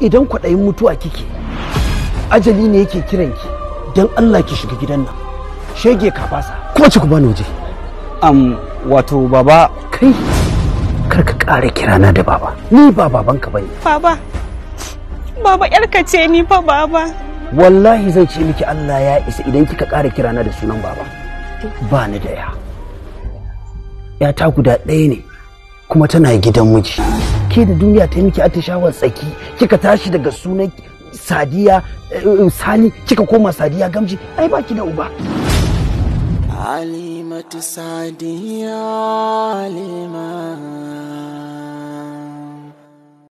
idan kwaɗayin mutuwa kike ajali ne yake kiranki don allah ki shiga gidan nan shege ka fasa kuma ci ku bani waje am wato baba kai kar ka ƙara kirana da baba ni ba babanka bane baba baba yarka ce ni fa baba wallahi zan ce miki allah ya isa idan kika ƙara kirana da sunan baba ba ni da ya ya ta guda ɗaya ne kuma tana gidan miji ke da duniya ta yi miki atishawar tsaki kika tashi daga sunan sadiya eh, eh, sani kika koma sadiya gamji ai baki da uba alimatu sadiya